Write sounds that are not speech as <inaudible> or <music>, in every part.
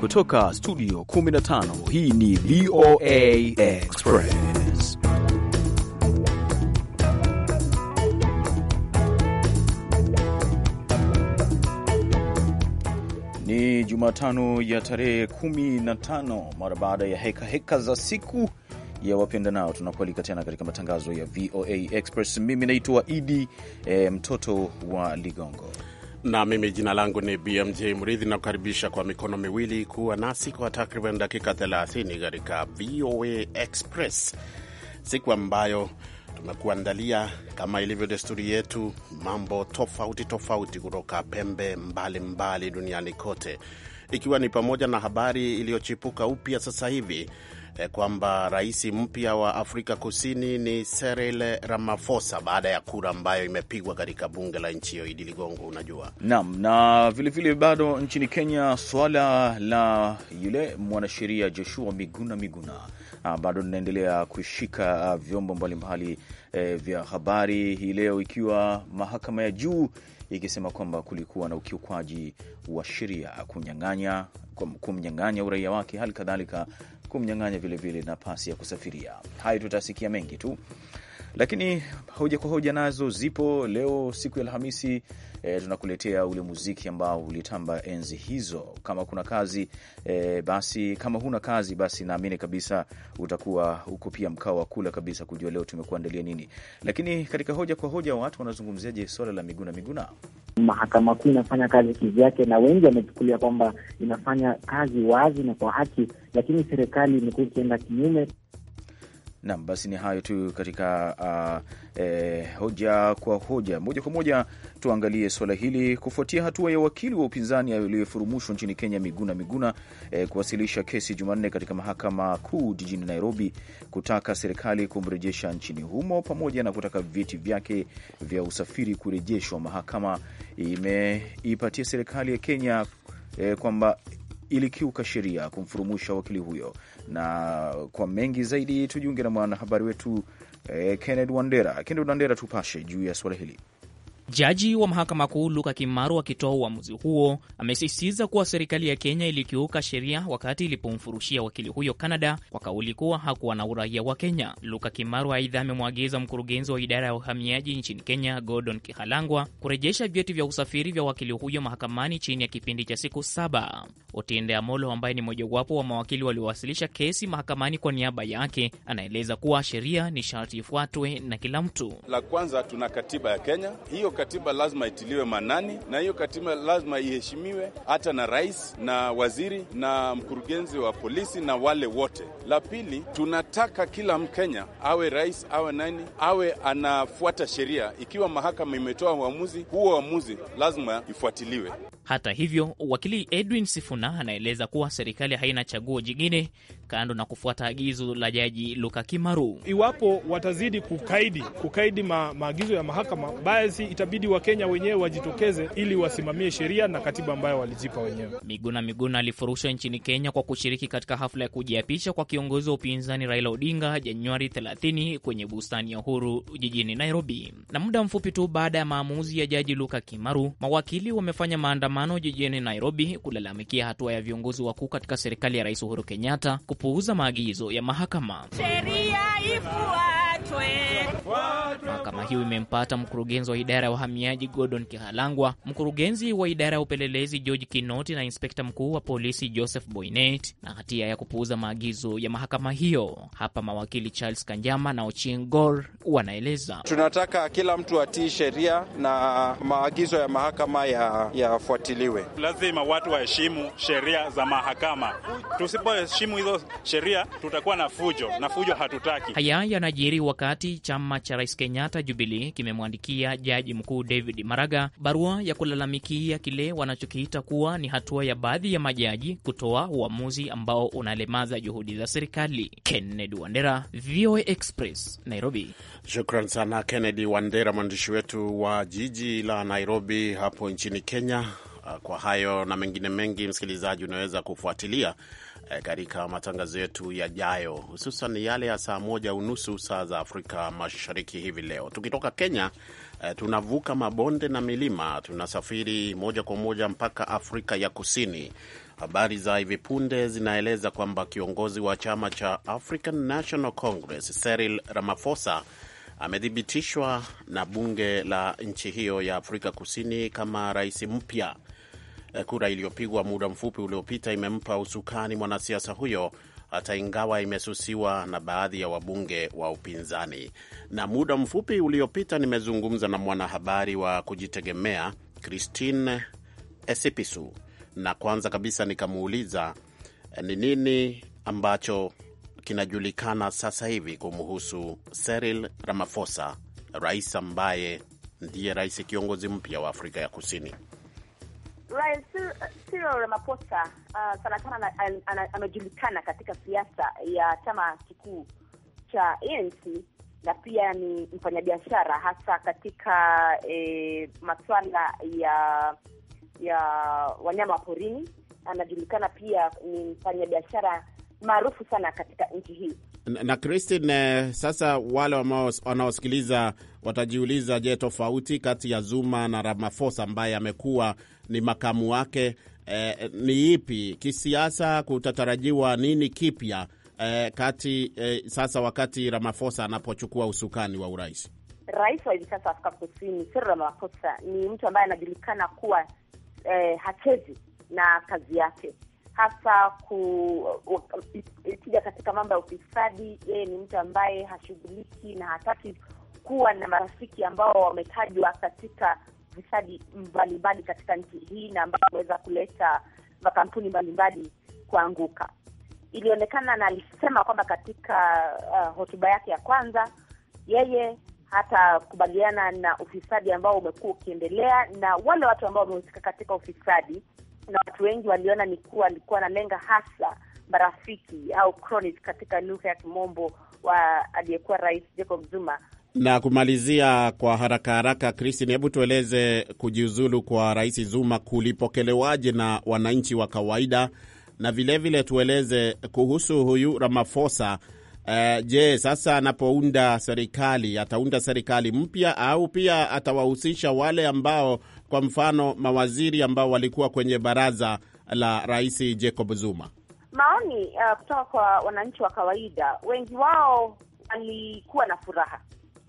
Kutoka studio 15 hii ni VOA Express. Ni Jumatano ya tarehe 15 mara baada ya heka heka za siku ya wapenda nao, tunakualika tena katika matangazo ya VOA Express. Mimi naitwa Idi e, mtoto wa Ligongo na mimi jina langu ni BMJ Mridhi, nakukaribisha kwa mikono miwili kuwa nasi kwa takriban dakika 30 katika VOA Express, siku ambayo tumekuandalia kama ilivyo desturi yetu mambo tofauti tofauti kutoka pembe mbalimbali mbali duniani kote, ikiwa ni pamoja na habari iliyochipuka upya sasa hivi E, kwamba rais mpya wa Afrika Kusini ni Cyril Ramaphosa baada ya kura ambayo imepigwa katika bunge la nchi hiyo. Idi Ligongo, unajua naam. Na vilevile bado nchini Kenya, swala la yule mwanasheria Joshua Miguna Miguna ah, bado linaendelea kushika ah, vyombo mbalimbali e, vya habari hii leo, ikiwa mahakama ya juu ikisema kwamba kulikuwa na ukiukwaji wa sheria kumnyang'anya kumnyang'anya uraia wake, hali kadhalika kumnyang'anya vilevile nafasi ya kusafiria. Hayo tutasikia mengi tu lakini hoja kwa hoja nazo zipo. Leo siku ya Alhamisi e, tunakuletea ule muziki ambao ulitamba enzi hizo. Kama kuna kazi e, basi kama huna kazi basi naamini kabisa utakuwa huko pia mkao wa kula kabisa kujua leo tumekuandalia nini. Lakini katika hoja kwa hoja watu wanazungumziaje swala la Miguna Miguna? Mahakama Kuu inafanya kazi kivyake, na wengi wamechukulia kwamba inafanya kazi wazi na kwa haki, lakini serikali imekuwa ikienda kinyume Nam, basi ni hayo tu katika uh, eh, hoja kwa hoja. Moja kwa moja tuangalie suala hili kufuatia hatua ya wakili wa upinzani aliyefurumushwa nchini Kenya Miguna Miguna eh, kuwasilisha kesi Jumanne katika mahakama kuu jijini Nairobi kutaka serikali kumrejesha nchini humo pamoja na kutaka vyeti vyake vya usafiri kurejeshwa. Mahakama imeipatia serikali ya Kenya eh, kwamba ilikiuka sheria kumfurumusha wakili huyo na kwa mengi zaidi tujiunge na mwanahabari wetu eh, Kenneth Wandera. Kenneth Wandera, tupashe juu ya suala hili. Jaji wa mahakama kuu Luka Kimaru akitoa uamuzi huo amesisitiza kuwa serikali ya Kenya ilikiuka sheria wakati ilipomfurushia wakili huyo canada kwa kauli kuwa hakuwa na uraia wa Kenya. Luka Kimaru aidha amemwagiza mkurugenzi wa idara ya uhamiaji nchini Kenya Gordon Kihalangwa kurejesha vyeti vya usafiri vya wakili huyo mahakamani chini ya kipindi cha siku saba. Otiende Amolo ambaye ni mojawapo wa mawakili waliowasilisha kesi mahakamani kwa niaba yake anaeleza kuwa sheria ni sharti ifuatwe na kila mtu. La kwanza, tuna katiba ya Kenya hiyo katiba lazima itiliwe manani, na hiyo katiba lazima iheshimiwe hata na rais na waziri na mkurugenzi wa polisi na wale wote. La pili, tunataka kila Mkenya awe rais awe nani awe anafuata sheria. Ikiwa mahakama imetoa uamuzi, huo uamuzi lazima ifuatiliwe. Hata hivyo, wakili Edwin Sifuna anaeleza kuwa serikali haina chaguo jingine kando na kufuata agizo la jaji Luka Kimaru. Iwapo watazidi kukaidi kukaidi ma, maagizo ya mahakama, basi itabidi Wakenya wenyewe wajitokeze ili wasimamie sheria na katiba ambayo walijipa wenyewe. Miguna Miguna alifurushwa nchini Kenya kwa kushiriki katika hafla ya kujiapisha kwa kiongozi wa upinzani Raila Odinga Januari 30 kwenye bustani ya Uhuru jijini Nairobi. Na muda mfupi tu baada ya maamuzi ya jaji Luka Kimaru, mawakili wamefanya maandamano maandamano jijini Nairobi kulalamikia hatua ya viongozi wakuu katika serikali ya Rais Uhuru Kenyatta kupuuza maagizo ya mahakama. Sheria ifuatwe hiyo imempata mkurugenzi wa idara ya uhamiaji Gordon Kihalangwa, mkurugenzi wa idara ya upelelezi George Kinoti na inspekta mkuu wa polisi Joseph Boynet na hatia ya kupuuza maagizo ya mahakama hiyo. Hapa mawakili Charles Kanjama na Ochieng Gor wanaeleza. Tunataka kila mtu atii sheria na maagizo ya mahakama yafuatiliwe. Ya lazima watu waheshimu sheria za mahakama. Tusipoheshimu hizo sheria, tutakuwa na fujo na fujo hatutaki. Haya yanajiri wakati chama cha rais Kenyatta Jubilee kimemwandikia jaji mkuu David Maraga barua ya kulalamikia kile wanachokiita kuwa ni hatua ya baadhi ya majaji kutoa uamuzi ambao unalemaza juhudi za serikali. Kennedy Wandera, VOA Express, Nairobi. Shukran sana Kennedy Wandera, mwandishi wetu wa jiji la Nairobi hapo nchini Kenya. Ah, kwa hayo na mengine mengi, msikilizaji, unaweza kufuatilia eh, katika matangazo yetu yajayo, hususan yale ya saa moja unusu saa za Afrika Mashariki hivi leo. Tukitoka Kenya eh, tunavuka mabonde na milima, tunasafiri moja kwa moja mpaka Afrika ya Kusini. Habari za hivi punde zinaeleza kwamba kiongozi wa chama cha African National Congress Cyril Ramaphosa amethibitishwa na bunge la nchi hiyo ya Afrika Kusini kama rais mpya. Eh, kura iliyopigwa muda mfupi uliopita imempa usukani mwanasiasa huyo hata ingawa imesusiwa na baadhi ya wabunge wa upinzani. Na muda mfupi uliopita nimezungumza na mwanahabari wa kujitegemea Christine Esipisu, na kwanza kabisa nikamuuliza eh, ni nini ambacho kinajulikana sasa hivi kumhusu Cyril Ramaphosa, rais ambaye ndiye rais kiongozi mpya wa Afrika ya Kusini. Rais Cyril Ramaphosa uh, ah, sana sana amejulikana katika siasa ya chama kikuu cha ANC na pia ni mfanyabiashara hasa katika eh, masuala ya ya wanyama wa porini. Anajulikana pia ni mfanyabiashara maarufu sana katika nchi hii. Na, na Christine, eh, sasa wale wanaosikiliza watajiuliza, je, tofauti kati ya Zuma na Ramaphosa ambaye amekuwa ni makamu wake eh, ni ipi? Kisiasa kutatarajiwa nini kipya eh, kati eh, sasa wakati Ramaphosa anapochukua usukani wa urais? Rais wa hivi sasa Afrika Kusini Cyril Ramaphosa ni mtu ambaye anajulikana kuwa eh, hachezi na kazi yake hasa kija katika mambo ya ufisadi. Yeye ni mtu ambaye hashughuliki na hataki kuwa na marafiki ambao wametajwa katika visadi mbalimbali katika nchi hii na ambayo huweza kuleta makampuni mbalimbali kuanguka. Ilionekana na alisema kwamba katika uh, hotuba yake ya kwanza yeye kubaliana na ufisadi ambao umekuwa ukiendelea na wale watu ambao wamehusika katika ufisadi, na watu wengi waliona ni kuwa alikuwa analenga hasa marafiki au cronies katika lugha ya kimombo wa aliyekuwa Rais Jacob Zuma na kumalizia kwa haraka haraka, Kristin, hebu tueleze kujiuzulu kwa Rais Zuma kulipokelewaje na wananchi wa kawaida, na vilevile tueleze kuhusu huyu ramafosa Uh, eh, je, sasa anapounda serikali ataunda serikali mpya au pia atawahusisha wale ambao kwa mfano mawaziri ambao walikuwa kwenye baraza la Rais Jacob Zuma? Maoni uh, kutoka kwa wananchi wa kawaida, wengi wao walikuwa na furaha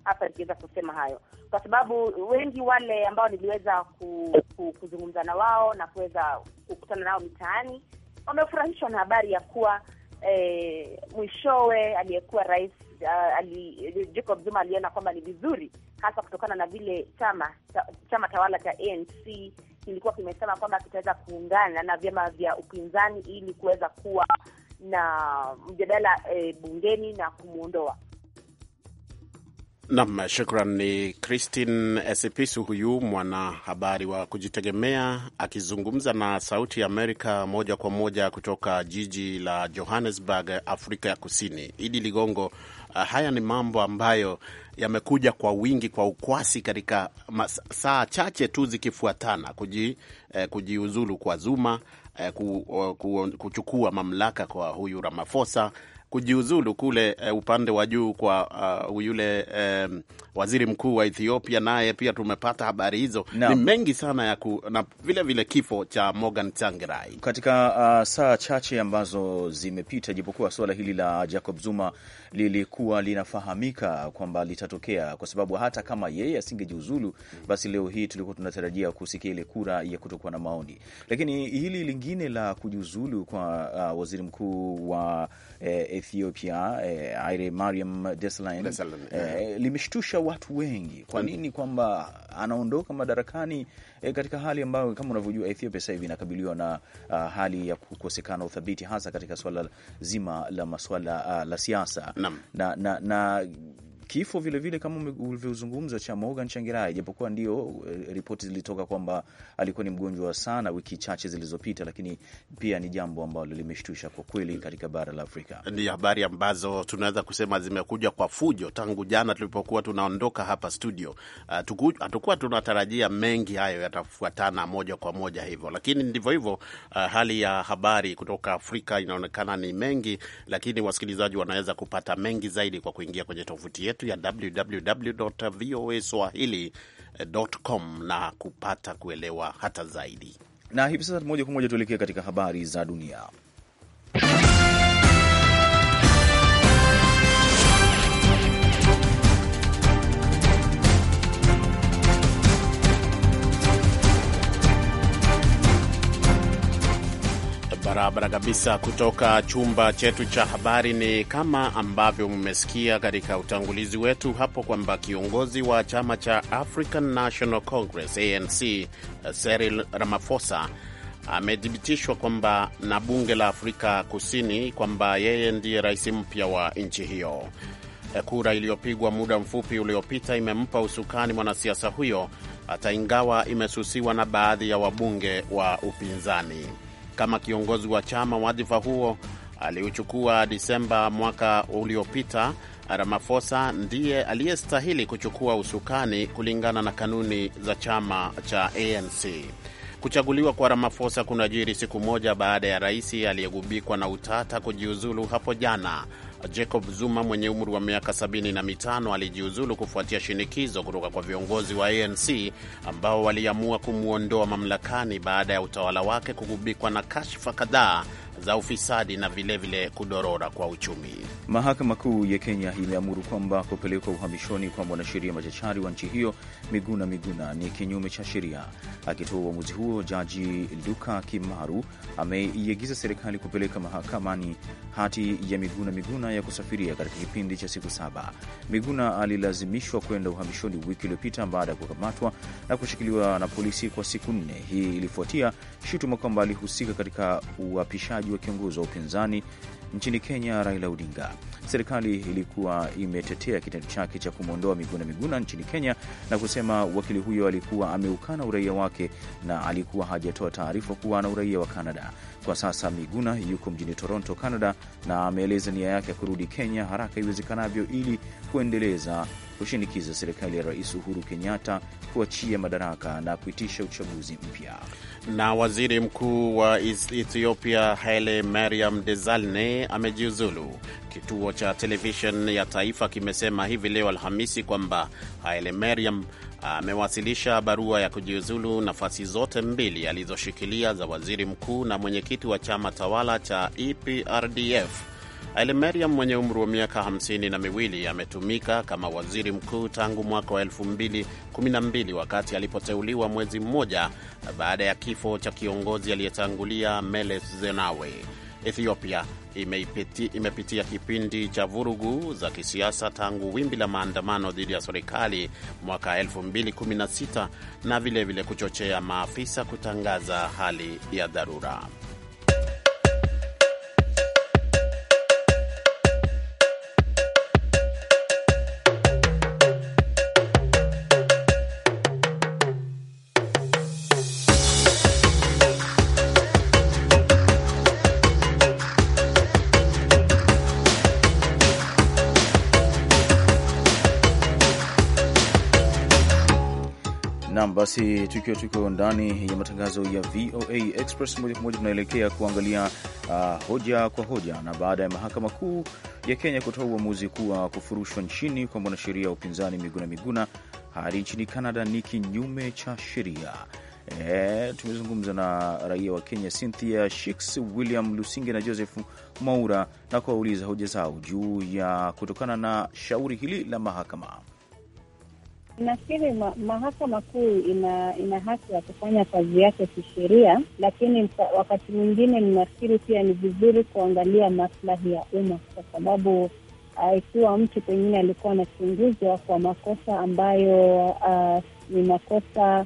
hapa nikiweza kusema hayo, kwa sababu wengi wale ambao niliweza ku, ku, kuzungumza na wao na kuweza kukutana nao mitaani wamefurahishwa na habari ya kuwa eh, mwishowe aliyekuwa rais uh, ali, Jacob Zuma aliona kwamba ni vizuri hasa kutokana na vile chama ta, chama tawala cha ANC kilikuwa kimesema kwamba kitaweza kuungana na vyama vya upinzani ili kuweza kuwa na mjadala e, bungeni na kumwondoa. Nam, shukran. Ni Christine Esipisu, huyu mwanahabari wa kujitegemea akizungumza na Sauti ya Amerika moja kwa moja kutoka jiji la Johannesburg, Afrika ya Kusini. Idi Ligongo, eh, haya ni mambo ambayo yamekuja kwa wingi kwa ukwasi katika saa chache tu zikifuatana, kuji, eh, kujiuzulu kwa Zuma eh, ku, ku, kuchukua mamlaka kwa huyu Ramaphosa kujiuzulu kule uh, upande wa juu kwa uh, yule um, waziri mkuu wa Ethiopia, naye pia tumepata habari hizo no. Ni mengi sana ya ku, na vile vile kifo cha Morgan Tsvangirai katika uh, saa chache ambazo zimepita, japokuwa suala hili la Jacob Zuma lilikuwa linafahamika kwamba litatokea, kwa sababu hata kama yeye asingejiuzulu, basi leo hii tulikuwa tunatarajia kusikia ile kura ya kutokuwa na maoni. Lakini hili lingine la kujiuzulu kwa uh, waziri mkuu wa eh, Ethiopia eh, Aire Mariam Desalegn eh, limeshtusha watu wengi. Kwa mm. nini kwamba anaondoka madarakani e, katika hali ambayo kama unavyojua Ethiopia sasa hivi inakabiliwa na uh, hali ya kukosekana uthabiti hasa katika swala zima la maswala uh, la siasa na, na, na kifo vilevile kama ulivyozungumza cha Morgan Changirai, japokuwa ndio e, ripoti zilitoka kwamba alikuwa ni mgonjwa sana wiki chache zilizopita, lakini pia ni jambo ambalo limeshtusha kwa kweli katika bara la Afrika. Ni habari ambazo tunaweza kusema zimekuja kwa fujo tangu jana tulipokuwa tunaondoka hapa studio. Ah, hatukuwa uh, tunatarajia mengi hayo yatafuatana moja kwa moja hivyo, lakini ndivyo hivyo. Uh, hali ya habari kutoka Afrika inaonekana ni mengi, lakini wasikilizaji wanaweza kupata mengi zaidi kwa kuingia kwenye tovuti yetu yetu ya www.voaswahili.com na kupata kuelewa hata zaidi. Na hivi sasa moja kwa moja tuelekee katika habari za dunia. barabara kabisa kutoka chumba chetu cha habari. Ni kama ambavyo mmesikia katika utangulizi wetu hapo kwamba kiongozi wa chama cha African National Congress ANC Cyril Ramaphosa amethibitishwa kwamba na bunge la Afrika Kusini kwamba yeye ndiye rais mpya wa nchi hiyo. Kura iliyopigwa muda mfupi uliopita imempa usukani mwanasiasa huyo, hata ingawa imesusiwa na baadhi ya wabunge wa upinzani kama kiongozi wa chama. Wadhifa huo aliuchukua Disemba mwaka uliopita. ramafosa ndiye aliyestahili kuchukua usukani kulingana na kanuni za chama cha ANC. Kuchaguliwa kwa Ramaphosa kunajiri siku moja baada ya rais aliyegubikwa na utata kujiuzulu hapo jana. Jacob Zuma mwenye umri wa miaka 75 alijiuzulu kufuatia shinikizo kutoka kwa viongozi wa ANC ambao waliamua kumwondoa mamlakani baada ya utawala wake kugubikwa na kashfa kadhaa za ufisadi na vilevile vile kudorora kwa uchumi. Mahakama Kuu ya Kenya imeamuru kwamba kupelekwa uhamishoni kwa mwanasheria machachari wa nchi hiyo Miguna Miguna ni kinyume cha sheria. Akitoa uamuzi huo, Jaji Luka Kimaru ameiagiza serikali kupeleka mahakamani hati ya Miguna Miguna ya kusafiria katika kipindi cha siku saba. Miguna alilazimishwa kwenda uhamishoni wiki iliyopita baada ya kukamatwa na kushikiliwa na polisi kwa siku nne. Hii ilifuatia shutuma kwamba alihusika katika uapishaji mauaji wa kiongozi wa upinzani nchini Kenya, Raila Odinga. Serikali ilikuwa imetetea kitendo chake cha kumwondoa Miguna Miguna nchini Kenya na kusema wakili huyo alikuwa ameukana uraia wake na alikuwa hajatoa taarifa kuwa ana uraia wa Canada. Kwa sasa Miguna yuko mjini Toronto, Canada, na ameeleza nia yake ya kurudi Kenya haraka iwezekanavyo ili kuendeleza kushinikiza serikali ya Rais Uhuru Kenyatta kuachia madaraka na kuitisha uchaguzi mpya. Na waziri mkuu wa Ethiopia Haile Mariam Desalegn amejiuzulu. Kituo cha televishen ya taifa kimesema hivi leo Alhamisi kwamba Haile Mariam amewasilisha barua ya kujiuzulu nafasi zote mbili alizoshikilia za waziri mkuu na mwenyekiti wa chama tawala cha EPRDF Meriam mwenye umri wa miaka hamsini na miwili ametumika kama waziri mkuu tangu mwaka wa 212 wakati alipoteuliwa mwezi mmoja baada ya kifo cha kiongozi aliyetangulia Meles Zenawe. Ethiopia imepiti, imepitia kipindi cha vurugu za kisiasa tangu wimbi la maandamano dhidi ya serikali mwaka 2016 na vilevile vile kuchochea maafisa kutangaza hali ya dharura. Nam, basi tukiwa tuko ndani ya matangazo ya VOA Express moja kwa moja tunaelekea kuangalia uh, hoja kwa hoja. Na baada ya mahakama kuu ya Kenya kutoa uamuzi kuwa kufurushwa nchini kwa mwanasheria wa upinzani Miguna Miguna hadi nchini Canada ni kinyume cha sheria. E, tumezungumza na raia wa Kenya Cynthia Shiks William Lusinge na Joseph Maura na kuwauliza hoja zao juu ya kutokana na shauri hili la mahakama. Nafikiri ma, mahakama kuu ina ina haki ya kufanya kazi yake kisheria, lakini wakati mwingine ninafikiri pia ni vizuri kuangalia maslahi ya umma, kwa sababu ah, ikiwa mtu pengine alikuwa anachunguzwa kwa makosa ambayo ah, ni makosa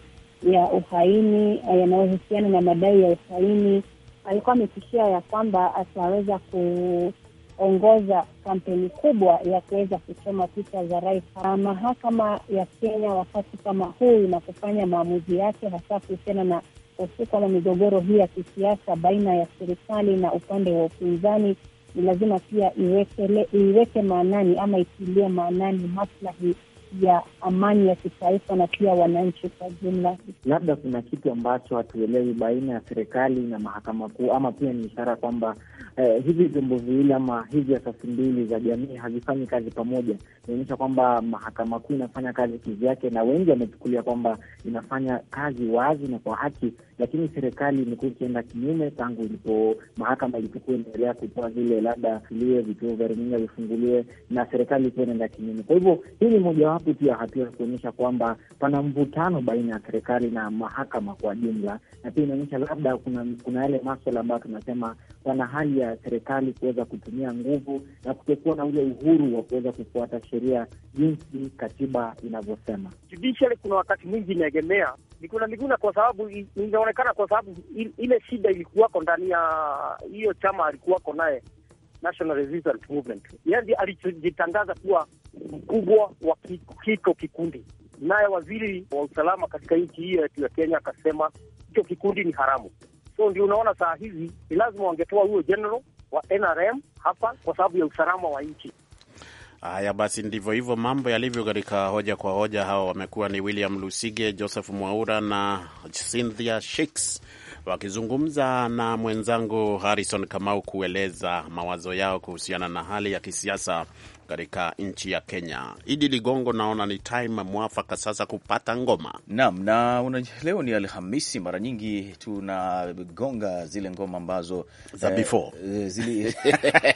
ya uhaini ah, yanayohusiana na madai ya uhaini, alikuwa ametishia ya kwamba ataweza ku ongoza kampeni kubwa ya kuweza kuchoma picha za rais. Ah, mahakama ya Kenya wakati kama huu inapofanya maamuzi yake, hasa kuhusiana na usuku ama migogoro hii ya kisiasa baina ya serikali na upande wa upinzani, ni lazima pia iweke, iweke maanani ama itilie maanani maslahi ya amani ya kitaifa na pia wananchi kwa jumla. Labda kuna kitu ambacho hatuelewi baina ya serikali na mahakama kuu, ama pia ni ishara kwamba eh, hivi vyombo viwili ama hizi asasi mbili za jamii hazifanyi kazi pamoja. Inaonyesha kwamba mahakama kuu inafanya kazi kivyake, na wengi wamechukulia kwamba inafanya kazi wazi na kwa haki lakini serikali imekuwa ikienda kinyume tangu ilipo mahakama ilipokuwa inaendelea kutoa vile labda asilie vituo vya runinga vifunguliwe, na serikali ikiwa inaenda kinyume. Kwa hivyo hii ni mojawapo tu ya hatua ya kuonyesha kwamba pana mvutano baina ya serikali na mahakama kwa jumla, na pia inaonyesha labda kuna kuna yale maswala ambayo tunasema pana hali ya serikali kuweza kutumia nguvu na kutokuwa na ule uhuru wa kuweza kufuata sheria jinsi katiba inavyosema. Judiciary kuna wakati mwingi inaegemea nikuna Ligula kwa sababu ingeonekana, kwa sababu ile shida ilikuwako ndani ya hiyo chama alikuwako naye National Resistance Movement, yaani alijitangaza kuwa mkubwa wa kiko kikundi, naye waziri wa usalama katika nchi hiyo yetu ya Kenya akasema hicho kikundi ni haramu. So ndio unaona saa hizi ni lazima wangetoa huyo general wa NRM hapa kwa sababu ya usalama wa nchi. Haya basi, ndivyo hivyo mambo yalivyo katika hoja kwa hoja. Hawa wamekuwa ni William Lusige, Joseph Mwaura na Cynthia Shiks wakizungumza na mwenzangu Harrison Kamau kueleza mawazo yao kuhusiana na hali ya kisiasa katika nchi ya Kenya. Idi Ligongo, naona ni time mwafaka sasa kupata ngoma. Naam, na una, leo ni Alhamisi, mara nyingi tunagonga zile ngoma ambazo za eh, before eh, zili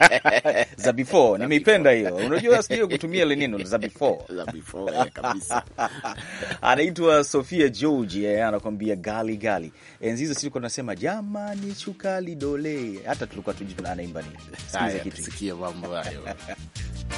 <laughs> za before nimeipenda hiyo, unajua sio kutumia lenino za before za before eh, kabisa. <laughs> Anaitwa Sofia George, eh, anakuambia gali gali. Enzi hizo sisi tunasema jamani, chukali dole, hata tulikuwa tujui tunaimba nini. Sikia mambo hayo <laughs>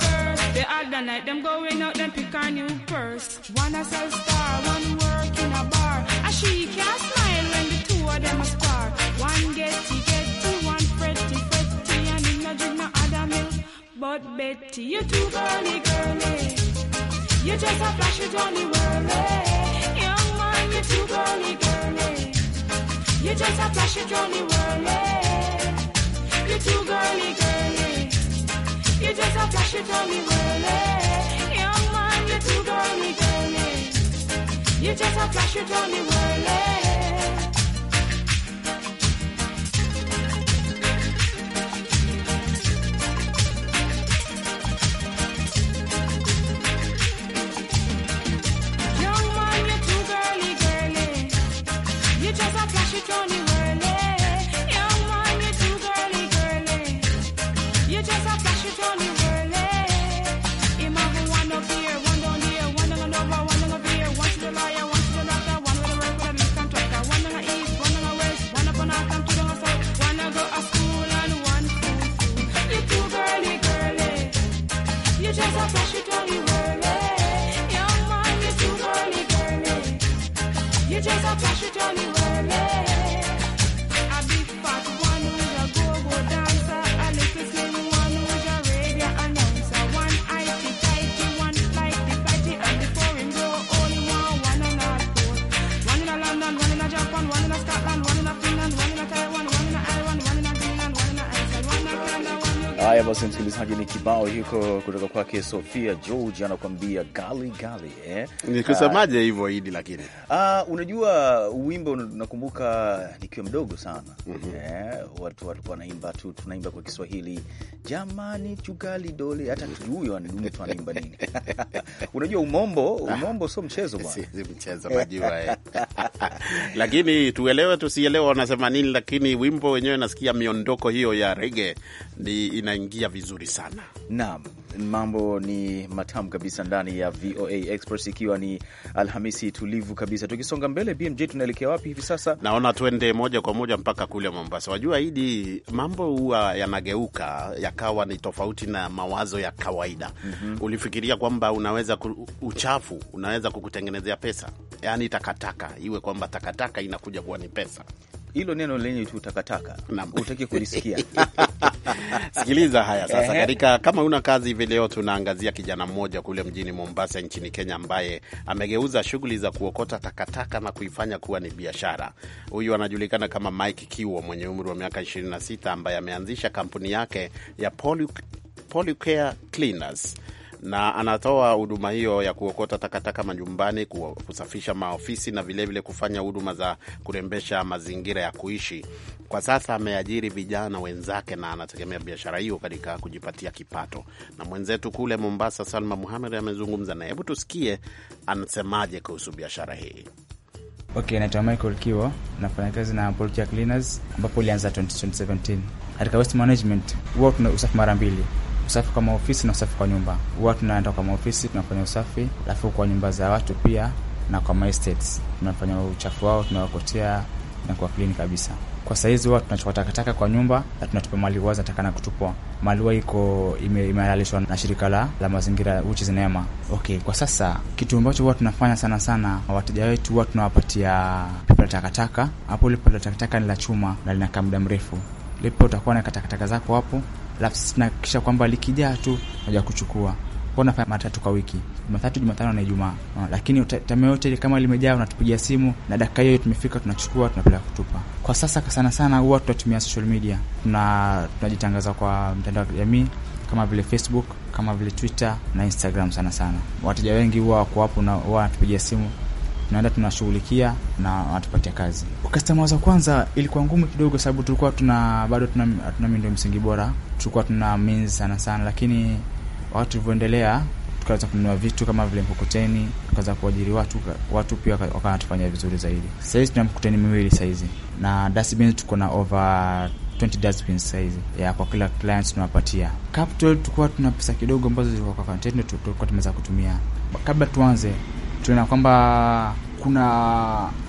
man like them going out, them pick a new purse. One a sell star, one work in a bar. A she can smile when the two of them a star. One getty getty, one pretty pretty, and him no drink no other milk. But Betty, you too girly girly. You just a flash with only worry. Young man, you too girly girly. You just a flash with only worry. You too girly girly just attach it Young man, you're too girly, girly. You just it on me, whirly. yuko kutoka kwake Sofia George anakuambia gali gali, eh? Nikusemaje ah, hivyo Idi, lakini uh, unajua wimbo nakumbuka nikiwa mdogo sana mm -hmm. eh, watu walikuwa wanaimba tu, tunaimba kwa Kiswahili, jamani chugali dole, hata tujui mtu anaimba nini <laughs> unajua umombo, umombo sio mchezo bwana, si mchezo najua eh. <laughs> Lakini tuelewe tusielewe wanasema nini, lakini wimbo wenyewe nasikia miondoko hiyo ya rege ni inaingia vizuri sana na mambo ni matamu kabisa ndani ya VOA Express, ikiwa ni Alhamisi tulivu kabisa. Tukisonga mbele, BMJ, tunaelekea wapi hivi sasa? Naona tuende moja kwa moja mpaka kule Mombasa. Wajua Idi, mambo huwa yanageuka yakawa ni tofauti na mawazo ya kawaida. mm -hmm. Ulifikiria kwamba unaweza ku, uchafu unaweza kukutengenezea pesa, yaani takataka iwe kwamba takataka inakuja kuwa ni pesa hilo neno lenye tu takataka <laughs> utaki kulisikia. <laughs> Sikiliza haya sasa, katika kama una kazi hivi leo, tunaangazia kijana mmoja kule mjini Mombasa nchini Kenya, ambaye amegeuza shughuli za kuokota takataka na kuifanya kuwa ni biashara. Huyu anajulikana kama Mike Kiwo mwenye umri wa miaka 26 ambaye ameanzisha kampuni yake ya Polycare Cleaners na anatoa huduma hiyo ya kuokota takataka majumbani, kusafisha maofisi na vilevile vile kufanya huduma za kurembesha mazingira ya kuishi. Kwa sasa ameajiri vijana wenzake na anategemea biashara hiyo katika kujipatia kipato. Na mwenzetu kule Mombasa, Salma Muhamed, amezungumza naye. Hebu tusikie anasemaje kuhusu biashara hii. Okay, naitwa Michael Kiwo, nafanya kazi na Bolcha Cleaners ambapo ulianza 2017 katika waste management. Huwa tuna usafi mara mbili usafi kwa maofisi na usafi kwa nyumba. Huwa tunaenda kwa maofisi tunafanya usafi, alafu kwa nyumba za watu pia na kwa maestates tunafanya uchafu wao, tunawakotea na kwa klini kabisa. Kwa sahizi huwa tunachukua takataka kwa nyumba na tunatupa maliwa zinatakana kutupwa. Maliwa iko imehalalishwa ime na shirika la, la mazingira uchi zinema. NEMA. Okay, kwa sasa kitu ambacho huwa tunafanya sana sana, wateja wetu huwa tunawapatia pipa la takataka. Hapo lipo la takataka ni la chuma na linakaa muda mrefu, lipo utakuwa na katakataka zako hapo alafu kwamba likijaa tu naja kuchukua kwao. Nafanya matatu kwa wiki, Jumatatu, Jumatano na Ijumaa. Ah, lakini tame yote kama limejaa, unatupigia simu na dakika hiyo tumefika, tunachukua tunapeleka kutupa. Kwa sasa sana sana huwa tunatumia social media, tunajitangaza kwa mtandao wa kijamii kama vile Facebook, kama vile Twitter na Instagram. Sana sana wateja wengi huwa wako hapo na huwa wanatupigia simu tunaenda tunashughulikia na wanatupatia kazi. Kastoma za kwanza ilikuwa ngumu kidogo, sababu tulikuwa tuna bado tuna, tuna miundo msingi bora tulikuwa tunaamini sana sana, lakini wakati tulivyoendelea tukaweza kununua vitu kama vile mkokoteni, tukaweza kuajiri watu, watu pia wakawa tufanya vizuri zaidi. Sahizi tuna mkokoteni miwili sahizi na dustbin, tuko na over 20 dustbins sahizi ya kwa kila client tunawapatia. Capital tulikuwa tuna pesa kidogo ambazo zilikuwa kwa account yetu tulikuwa tumeweza kutumia. Kabla tuanze, tuna kwamba kuna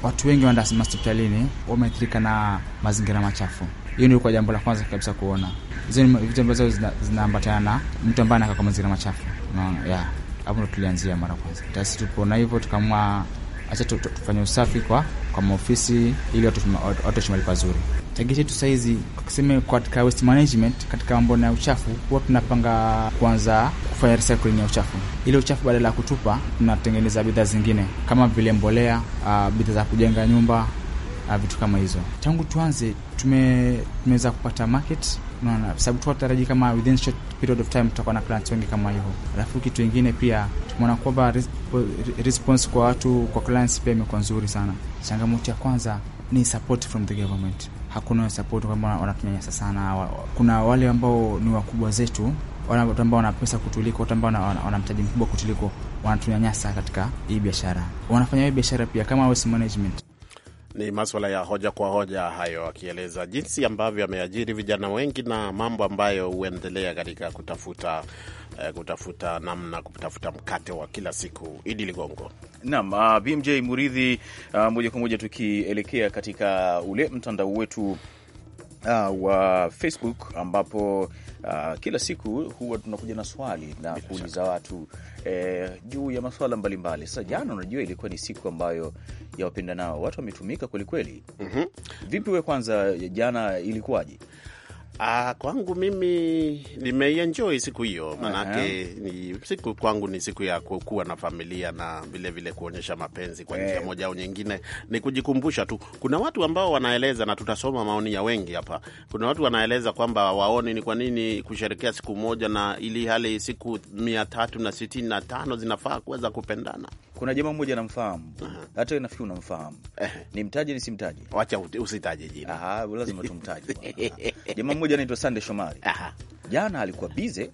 watu wengi wanaenda hospitalini wameathirika na mazingira machafu. Hiyo ndio kwa jambo la kwanza kabisa kuona hizo vitu ambazo zinaambatana na mtu ambaye anakaa kwa mazingira machafu. Unaona, yeah, hapo ndo tulianzia mara kwanza. Basi tulipoona hivyo tukaamua acha tufanye usafi kwa kwa maofisi ili watu waishi mahali pazuri. Tageti yetu sahizi kusema katika waste management, katika mambo na uchafu, huwa tunapanga kuanza kufanya recycling ya uchafu. Ile uchafu badala ya kutupa, tunatengeneza bidhaa zingine kama vile mbolea, uh, bidhaa za kujenga nyumba, uh, vitu kama hizo. Tangu tuanze tumeweza kupata market unaona, sababu tu taraji kama within short period of time tutakuwa na clients wengi kama hivyo. Alafu kitu kingine pia tumeona kwamba response kwa watu kwa clients pia imekuwa nzuri sana. Changamoto ya kwanza ni support from the government, hakuna support kwamba wanatunyanyasa sana. Kuna wale ambao ni wakubwa zetu watu ambao wana pesa kutuliko, watu ambao wana mtaji mkubwa kutuliko, wanatunyanyasa katika hii biashara. Wanafanya hii biashara pia kama waste management ni maswala ya hoja kwa hoja hayo, akieleza jinsi ambavyo ameajiri vijana wengi na mambo ambayo huendelea katika kutafuta eh, kutafuta namna kutafuta mkate wa kila siku. Idi Ligongo nam uh, ah, BMJ Muridhi uh, moja kwa moja tukielekea katika ule mtandao wetu uh, wa Facebook ambapo uh, kila siku huwa tunakuja na swali na kuuliza watu eh, juu ya maswala mbalimbali. Sasa jana, mm-hmm. unajua ilikuwa ni siku ambayo ya wapenda nao, watu wametumika kwelikweli. mm -hmm. Vipi we, kwanza jana ilikuwaje? Ah, kwangu mimi nimeienjoy siku hiyo, manake ni siku kwangu ni siku ya kuwa na familia na vilevile kuonyesha mapenzi kwa njia eh. moja au nyingine. Ni kujikumbusha tu, kuna watu ambao wanaeleza, na tutasoma maoni ya wengi hapa. Kuna watu wanaeleza kwamba waoni ni kwa nini kusherekea siku moja na ili hali siku mia tatu na sitini na tano zinafaa kuweza kupendana. Kuna jamaa mmoja namfahamu, hata nafikiri unamfahamu, nimtaje nisimtaje? Wacha usitaje jina, lazima tumtaje <laughs> jamaa mmoja anaitwa Sande Shomari. Aha. Jana alikuwa bize,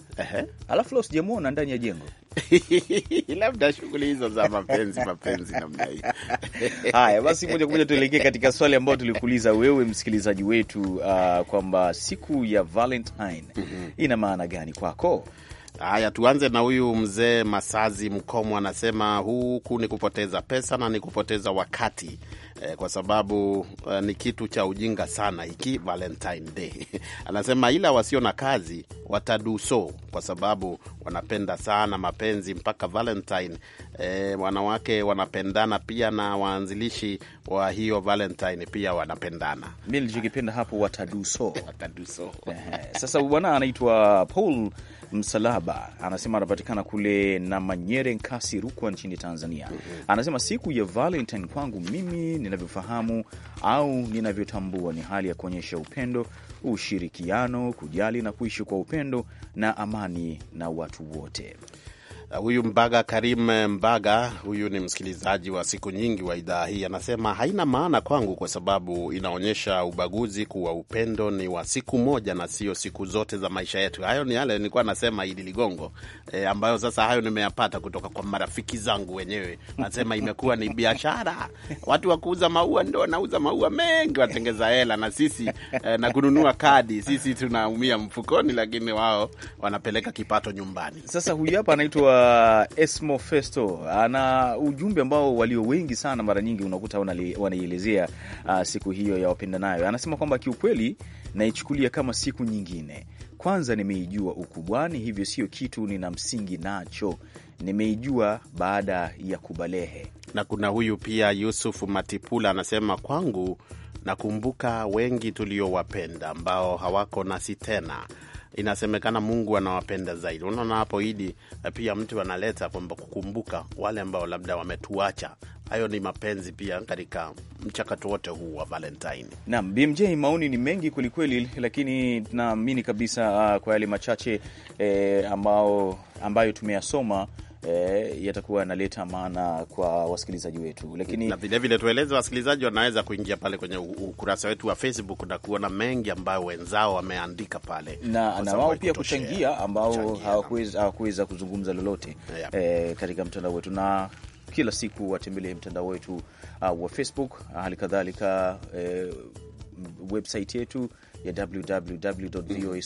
alafu leo sijamwona ndani ya jengo <laughs> labda shughuli hizo za mapenzi mapenzi namna hii. <laughs> Haya basi, moja kwa moja tuelekee katika swali ambayo tulikuuliza wewe msikilizaji wetu, uh, kwamba siku ya Valentine mm -hmm. ina maana gani kwako? Haya, tuanze na huyu mzee Masazi Mkomo, anasema huku ni kupoteza pesa na ni kupoteza wakati eh, kwa sababu eh, ni kitu cha ujinga sana hiki Valentine Day <laughs> anasema, ila wasio na kazi wataduso, kwa sababu wanapenda sana mapenzi mpaka Valentine. Eh, wanawake wanapendana pia na waanzilishi wa ah, hiyo Valentine pia wanapendana. Mi nilichokipenda hapo wataduso, <laughs> wataduso. Sasa bwana anaitwa Paul Msalaba anasema anapatikana kule na Manyere, Nkasi, Rukwa nchini Tanzania. Mm-hmm. Anasema siku ya Valentine kwangu mimi ninavyofahamu au ninavyotambua ni hali ya kuonyesha upendo, ushirikiano, kujali na kuishi kwa upendo na amani na watu wote. Uh, huyu Mbaga Karim eh, Mbaga, huyu ni msikilizaji wa siku nyingi wa idhaa hii, anasema haina maana kwangu kwa sababu inaonyesha ubaguzi, kuwa upendo ni wa siku moja na sio siku zote za maisha yetu. Hayo ni yale nilikuwa nasema Idi Ligongo e, ambayo sasa hayo nimeyapata kutoka kwa marafiki zangu wenyewe. Anasema imekuwa ni biashara, watu wa kuuza maua ndo wanauza maua mengi, watengeza hela na sisi e, na kununua kadi, sisi tunaumia mfukoni, lakini wao wanapeleka kipato nyumbani. Sasa huyu hapa anaitwa uh, Esmo Festo ana ujumbe ambao walio wengi sana mara nyingi unakuta wanaielezea uh, siku hiyo ya wapendanayo. Anasema kwamba kiukweli naichukulia kama siku nyingine, kwanza nimeijua ukubwani, hivyo sio kitu nina msingi nacho, nimeijua baada ya kubalehe. Na kuna huyu pia Yusuf Matipula anasema kwangu, nakumbuka wengi tuliowapenda ambao hawako nasi tena inasemekana Mungu anawapenda zaidi. Unaona hapo Idi, eh, pia mtu analeta kwamba kukumbuka wale ambao labda wametuacha. Hayo ni mapenzi pia katika mchakato wote huu wa Valentine. Naam, BMJ, maoni ni mengi kwelikweli, lakini naamini kabisa uh, kwa yale machache eh, ambao ambayo tumeyasoma eh, yatakuwa yanaleta maana kwa wasikilizaji wetu, lakini na vilevile tueleze wasikilizaji wanaweza kuingia pale kwenye ukurasa wetu wa Facebook na kuona mengi ambayo wenzao wameandika pale na, na wao pia kuchangia ambao hawakuweza kuzungumza lolote yeah, eh, katika mtandao wetu na kila siku watembelee mtandao wetu uh, wa Facebook hali kadhalika eh, website yetu ya www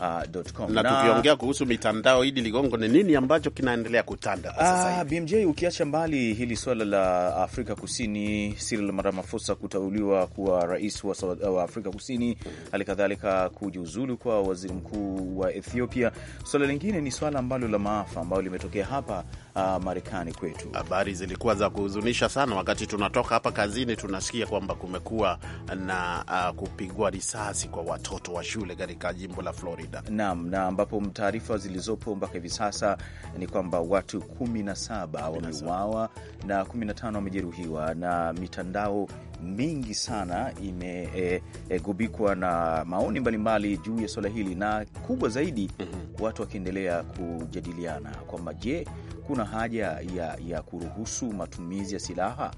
uh, Na tukiongea kuhusu mitandao, Idi Ligongo, ni nini ambacho kinaendelea kutanda kwa sasa ah, hivi? BMJ, ukiacha mbali hili swala la Afrika Kusini, Cyril Ramaphosa kutauliwa kuwa rais wa, wa Afrika Kusini, hali kadhalika kujiuzulu kwa waziri mkuu wa Ethiopia, swala lingine ni swala ambalo la maafa ambayo limetokea hapa uh, Marekani kwetu. Habari zilikuwa za kuhuzunisha sana. Wakati tunatoka hapa kazini, tunasikia kwamba kumekuwa na uh, kupigwa risasi makazi kwa watoto wa shule katika jimbo la Florida. Naam, na ambapo taarifa zilizopo mpaka hivi sasa ni kwamba watu 17 wameuawa na 15 wamejeruhiwa, na mitandao mingi sana imegubikwa e, e, na maoni mbalimbali juu ya swala hili, na kubwa zaidi mm -hmm. watu wakiendelea kujadiliana kwamba je, kuna haja ya, ya kuruhusu matumizi ya silaha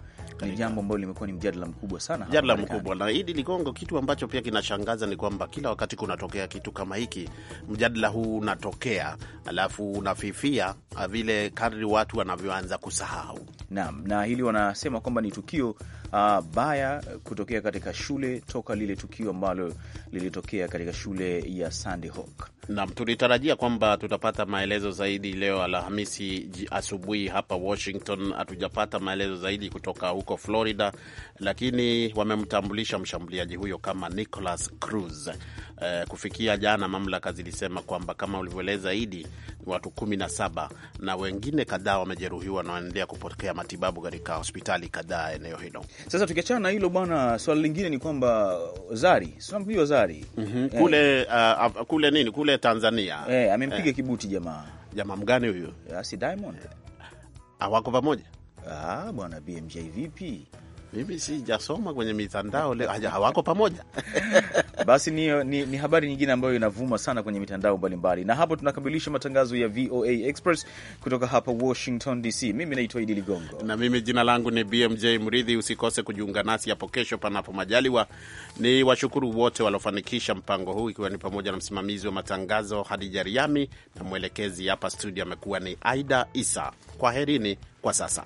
ni jambo ambalo limekuwa ni mjadala mkubwa sana, mjadala mkubwa na Idi Ligongo. Kitu ambacho pia kinashangaza ni kwamba kila wakati kunatokea kitu kama hiki, mjadala huu unatokea alafu unafifia vile kadri watu wanavyoanza kusahau Naam, na hili wanasema kwamba ni tukio uh, baya kutokea katika shule toka lile tukio ambalo lilitokea katika shule ya Sandy Hook. Naam, tulitarajia kwamba tutapata maelezo zaidi leo Alhamisi asubuhi hapa Washington. Hatujapata maelezo zaidi kutoka huko Florida, lakini wamemtambulisha mshambuliaji huyo kama Nicholas Cruz eh, kufikia jana mamlaka zilisema kwamba kama ulivyoeleza Idi, watu kumi na saba na wengine kadhaa wamejeruhiwa na wanaendelea kupokea matibabu katika hospitali kadhaa eneo hilo. Sasa tukiachana na hilo bwana, swali lingine ni kwamba Zari, sinamjua Zari mm -hmm. eh. kule, uh, kule nini kule Tanzania eh, amempiga eh. kibuti jamaa jamaa mgani huyu? Ah, si Diamond hawako pamoja bwana BMJ vipi? Mimi sijasoma kwenye mitandao leo, hawako pamoja <laughs> basi ni, ni, ni habari nyingine ambayo inavuma sana kwenye mitandao mbalimbali. Na hapo tunakamilisha matangazo ya VOA Express kutoka hapa Washington DC. Mimi naitwa Idi Ligongo na mimi jina langu ni BMJ Mridhi. Usikose kujiunga nasi hapo kesho, panapo majaliwa. Ni washukuru wote waliofanikisha mpango huu, ikiwa ni pamoja na msimamizi wa matangazo Hadija Riami na mwelekezi hapa studio amekuwa ni Aida Isa. Kwaherini kwa sasa.